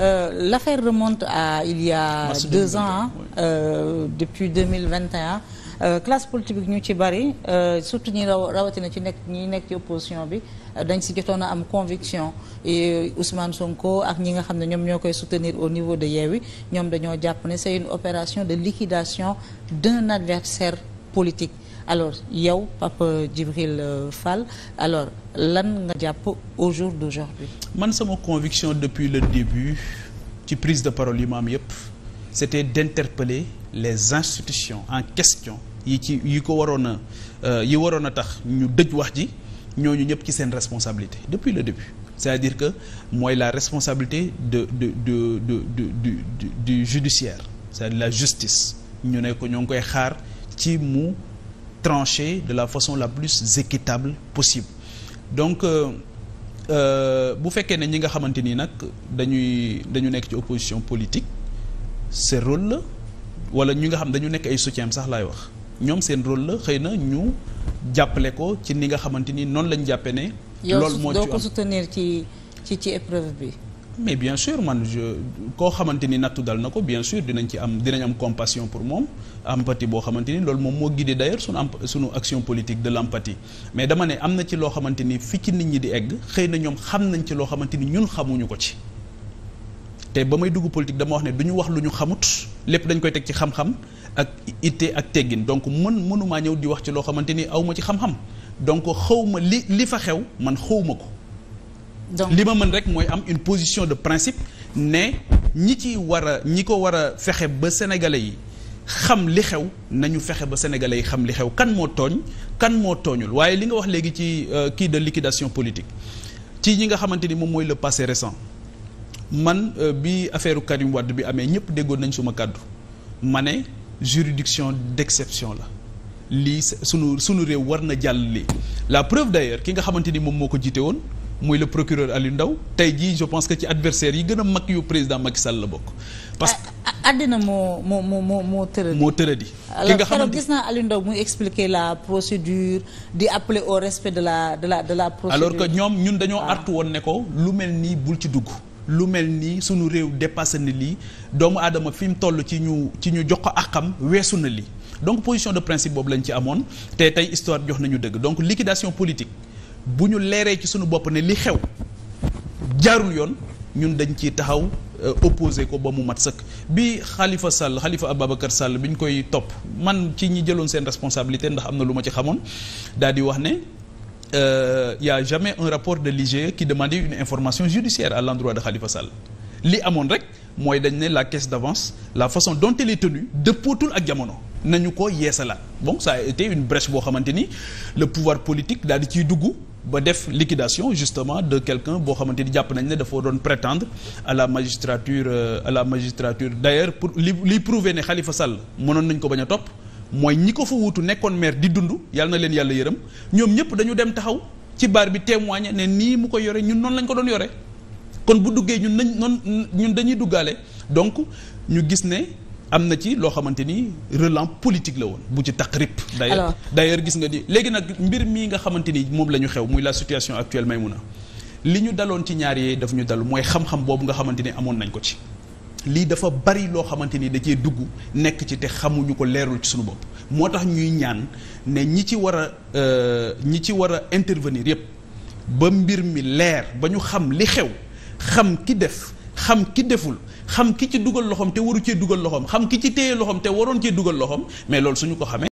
Euh, l'affaire remonte à il y a Mars deux 2021, ans oui. Euh, depuis 2021 euh, classe politique ñu ci bari surtout ñi rawatina ci nekk ñi nekk ci opposition bi dañ si jotoon a am conviction et Ousmane Sonko ak ñi nga xam ne ñoom ñoo koy soutenir au niveau de Yewwi ñoom dañoo jàpp ne c'est une opération de liquidation d'un adversaire politique alors yow Papa Djibril euh, Fall alors lan nga jàpp au de d'aujourd'hui man sama conviction depuis le début ci prise de parole yi ma am yëpp c'était d'interpeller les institutions en question yi ci yi ko waroon a euh, yi waroon a tax ñu dëj wax ji ñooñu ñëpp ci seen responsabilité depuis le début c'est-à-dire que mooy la responsabilité de de de de du du judiciaire c'est-à-dire la justice ñu ne ko ñoo ngi koy xaar ci mu trancher de la façon la plus équitable possible donc euh, euh, bu fekkee ne ñi nga xamante ni nag dañuy dañu nekk ci opposition politique seen rôle la wala ñi nga xam dañu nekk ay soutien sax laay wax ñoom seen rôle la xëy na ñu jàppale ko ci ni nga xamante ni noonu lañ jàppe ne. loolu moo ci am doo ko soutenir ci ci ci épreuve bi. mais bien sûr man koo xamante ni nattu dal na ko bien sûr dinañ ci am dinañ am compassion pour moom empathie boo xamante ni loolu moom moo guidé d'ailleurs am sunu action politique de l'empathie mais dama ne am na ci loo xamante ni fi ci nit ñi di egg xëy na ñoom xam nañ ci loo xamante ni ñun xamuñu ko ci te ba may dugg politique dama wax ne du wax lu ñu xamut lépp dañ koy teg ci xam-xam ak itte ak teggin donc mën mënumaa ñëw di wax ci loo xamante ni aw ma ci xam donc xaw ma li li fa xew man xaw ko li ma mën rek mooy am une position de principe ne ñi ci war a ñi ko war a fexe ba sénégalais yi xam li xew nañu fexe ba sénégalais yi xam li xew kan moo tooñ kan moo tooñul waaye li nga wax léegi ci euh, kii de liquidation politique ci ñi nga xamante ni moom mooy le passé récent man euh, bi affaire Karim wadd bi amee ñëpp déggoon nañ suma kàddu ma ne juridiction d'exception la lii sunu sunu réew war na jàll li la preuve d'ailleurs ki nga xamante ni moom moo ko jiite woon muy le procureur Aliou Ndao tey ji je pense que ci adversaire yi gën a mag yu président Macky Sall la bokk. parce que ah, ah, àddina moo moo moo moo tëradi. moo tëradi ki nga xamante gis naa Aliou Ndao muy expliquer la procédure di appeler au respect de la de la de la procédure. alors que ñoom ñun dañoo ah. artu woon ne ko lu mel nii bul ci dugg. lu mel nii sunu réew dépassé na lii doomu aadama fi mu toll ci ñu ci ñu jox ko àqam weesu na lii donc position de principe boobu lañ ci amoon te tey histoire jox nañu dëgg donc liquidation politique. bu ñu leeree ci suñu bopp ne li xew jaarul yoon ñun dañ ciy taxaw euh, opposé ko ba mu mat sëkk bi xalifa Sall Khalifa Ababacar sàll bi ñu koy topp man ci ñi jëloon seen responsabilité ndax am na lu ma ci xamoon daal di wax ne euh, y a jamais un rapport de l'IGE qui demandait une information judiciaire à l'endroit de Khalifa Sall li amoon rek mooy dañ ne la caisse d'avance la façon dont elle est dëppootul ak jamono nañu ko yeesalaat bon saa te une brèche boo xamante ni le pouvoir politique daal di ciy dugg ba def liquidation justement de quelqu'un boo xamante ni jàpp nañ ne dafa doon prétendre à la magistrature euh, à la magistrature d'ailleurs pour li li prouver ne Khalifa Sall mënoon nañ ko bañ a topp mooy ñi ko fa wuutu nekkoon maire di dund yàlla na leen yàlla yërëm ñoom ñëpp dañu dem taxaw ci baar bi témoigner ne nii mu ko yore ñun noonu lañ ko doon yore kon bu duggee ñun nañ noonu ñun dañuy duggaale donc ñu gis ne am na ci loo xamante ni relance politique la woon bu ci taqrib d'ailleurs d'ailleurs gis nga ni léegi nag mbir mii nga xamante ni moom la ñu xew muy la situation actuelle Maïmouna li ñu daloon ci ñaar yee daf ñu dal mooy xam-xam boobu nga xamante ni amoon nañ ko ci lii dafa bari loo xamante ni da dugg nekk ci te xamuñu ko leerul ci suñu bopp moo tax ñuy ñaan ne ñi ci war a euh, ñi ci war a intervenir yépp ba mbir mi leer ba ñu xam li xew xam ki def xam ki deful xam ki ci dugal loxoom te waru cee dugal loxoom xam ki ci téye loxoom te waroon cee dugal loxoom mais loolu suñu ko xamee